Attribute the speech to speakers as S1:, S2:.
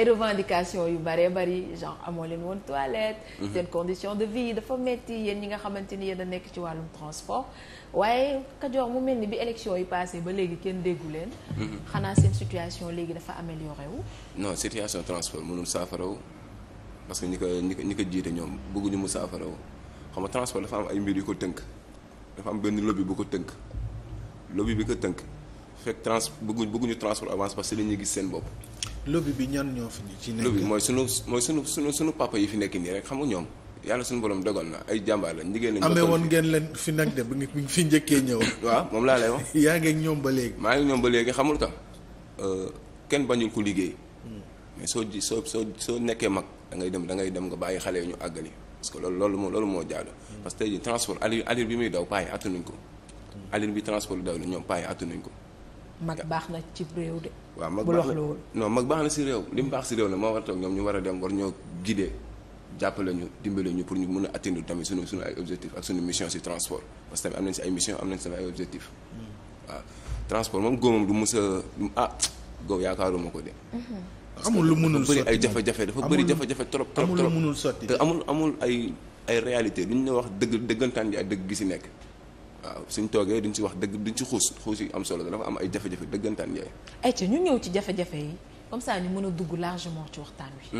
S1: ay revendications yu bëree bari genre amoo leen woon toilette. Mhm. seen condition de vie dafa metti yéen ñi nga xamante ni yéen a nekk ci wàllum transport waaye Kajoor mu mel ni bi élection yi passé ba léegi kenn déggu leen. Mhm. xanaa seen situation léegi dafa amélioré wu.
S2: non situation transport mënul saafaraw parce que ñi ko ñi ko jiite ñoom bëgguñu mu saafaraw xam nga transport dafa am ay mbir yu ko tënk dafa am benn lobby bu ko tënk lobby bi ko tënk fekk trans bëgguñu bëgguñu transport avance parce gis seen bopp. lobby bi ñan ñoo fi ci nekk. lobby mooy sunu mooy sunu sunu sunu papa yi fi nekk nii rek xam nga ñoom yàlla sunu borom dogal na ay jàmbaar lañ liggéey nañ. amee woon ngeen leen fi nag de bi fi njëkkee ñëw. waa moom laa lay wax.
S1: yaa ngi ak ñoom ba léegi.
S2: ñoom ba léegi xamul tax euh, kenn bañul ku liggéey. Hmm. soo ji soo soo soo nekkee mag da dem da dem nga bàyyi xale yi ñu àggali parce que loolu loolu moo loolu moo jaadu. Hmm. parce que tey jii transport ali allure bi muy daw paa yi attanuñ ko. Hmm. allure bi transport daw na ñoom paa yi attanuñ ko
S1: mag baax na ci réew de.
S2: waaw mag baax na non si réew li mu baax si réew la moo war toog ñoom ñu war a dem war ñoo guider jàppale ñu dimbale ñu pour ñu mun a atteindre tamit sunu sunu ay objectif ak sunu mission si transport parce que tamit am nañ si ay mission am nañ si ay objectif hmm. waaw transport moom góomam du mos a ah góob yaakaaruma ko de.
S1: amul lu munul sotti dafa bëri ay jafe-jafe dafa bëri jafe-jafe
S2: trop trop trop amul lu munul sotti te amul amul ay ay lu ñu la wax dëgg dëggantaan ji dëgg gi si nekk. waaw suñ toogee duñ ci wax dëgg duñ ci xuus xuus yi am solo dafa am ay jafe-jafe dëggantaan yaay.
S1: ayca ñu ñëw ci jafe-jafe yi comme ça ñu mën a dugg largement ci waxtaan wi.